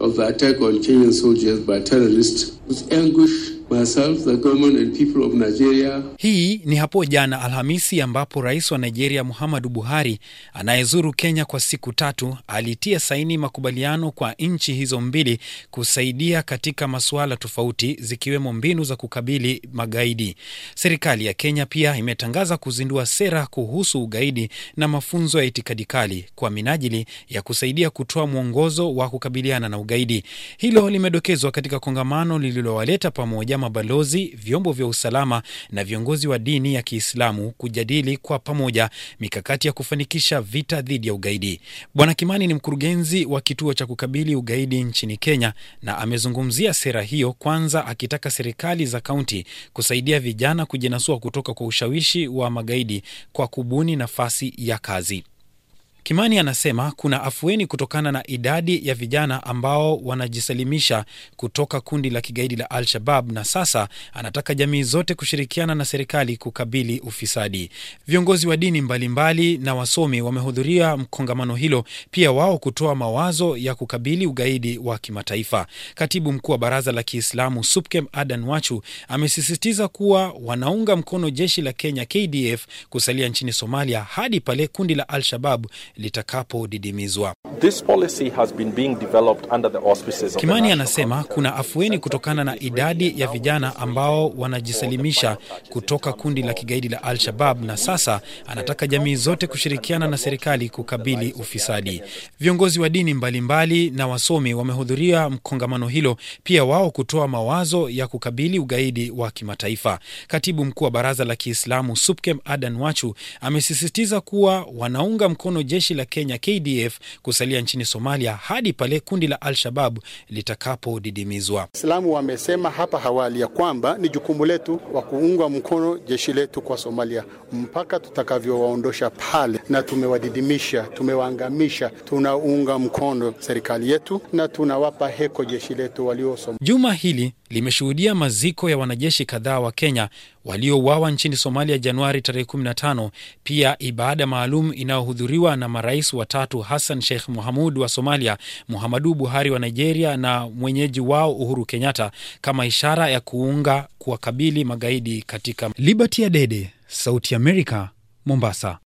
of the attack on Kenyan soldiers by terrorists was anguish Myself, the government and people of Nigeria. Hii ni hapo jana Alhamisi ambapo rais wa Nigeria Muhammadu Buhari anayezuru Kenya kwa siku tatu alitia saini makubaliano kwa nchi hizo mbili kusaidia katika masuala tofauti zikiwemo mbinu za kukabili magaidi. Serikali ya Kenya pia imetangaza kuzindua sera kuhusu ugaidi na mafunzo ya itikadi kali kwa minajili ya kusaidia kutoa mwongozo wa kukabiliana na ugaidi. Hilo limedokezwa katika kongamano lililowaleta pamoja mabalozi, vyombo vya usalama na viongozi wa dini ya Kiislamu kujadili kwa pamoja mikakati ya kufanikisha vita dhidi ya ugaidi. Bwana Kimani ni mkurugenzi wa kituo cha kukabili ugaidi nchini Kenya na amezungumzia sera hiyo, kwanza akitaka serikali za kaunti kusaidia vijana kujinasua kutoka kwa ushawishi wa magaidi kwa kubuni nafasi ya kazi. Kimani anasema kuna afueni kutokana na idadi ya vijana ambao wanajisalimisha kutoka kundi la kigaidi la Al-Shabab, na sasa anataka jamii zote kushirikiana na serikali kukabili ufisadi. Viongozi wa dini mbalimbali mbali na wasomi wamehudhuria mkongamano hilo, pia wao kutoa mawazo ya kukabili ugaidi wa kimataifa. Katibu mkuu wa baraza la Kiislamu SUPKEM Adan Wachu amesisitiza kuwa wanaunga mkono jeshi la Kenya KDF kusalia nchini Somalia hadi pale kundi la Al-Shabab litakapodidimizwa. Kimani anasema kuna afueni kutokana na idadi ya vijana ambao wanajisalimisha kutoka kundi la kigaidi la Al-Shabab, na sasa anataka jamii zote kushirikiana na serikali kukabili ufisadi. Viongozi wa dini mbalimbali mbali na wasomi wamehudhuria mkongamano hilo, pia wao kutoa mawazo ya kukabili ugaidi wa kimataifa. Katibu mkuu wa baraza la Kiislamu SUPKEM Adan Wachu amesisitiza kuwa wanaunga mkono jeshi jeshi la Kenya KDF kusalia nchini Somalia hadi pale kundi la al shabab litakapodidimizwa. Waislamu wamesema hapa hawali ya kwamba ni jukumu letu wa kuunga mkono jeshi letu kwa Somalia mpaka tutakavyowaondosha pale, na tumewadidimisha, tumewaangamisha. Tunaunga mkono serikali yetu na tunawapa heko jeshi letu walio Juma hili limeshuhudia maziko ya wanajeshi kadhaa wa Kenya waliouawa nchini Somalia Januari tarehe 15, pia ibada maalum inayohudhuriwa na na marais watatu Hassan Sheikh muhamud wa Somalia, Muhammadu Buhari wa Nigeria na mwenyeji wao Uhuru Kenyatta kama ishara ya kuunga kuwakabili magaidi katika. Liberty Adede, Sauti america Mombasa.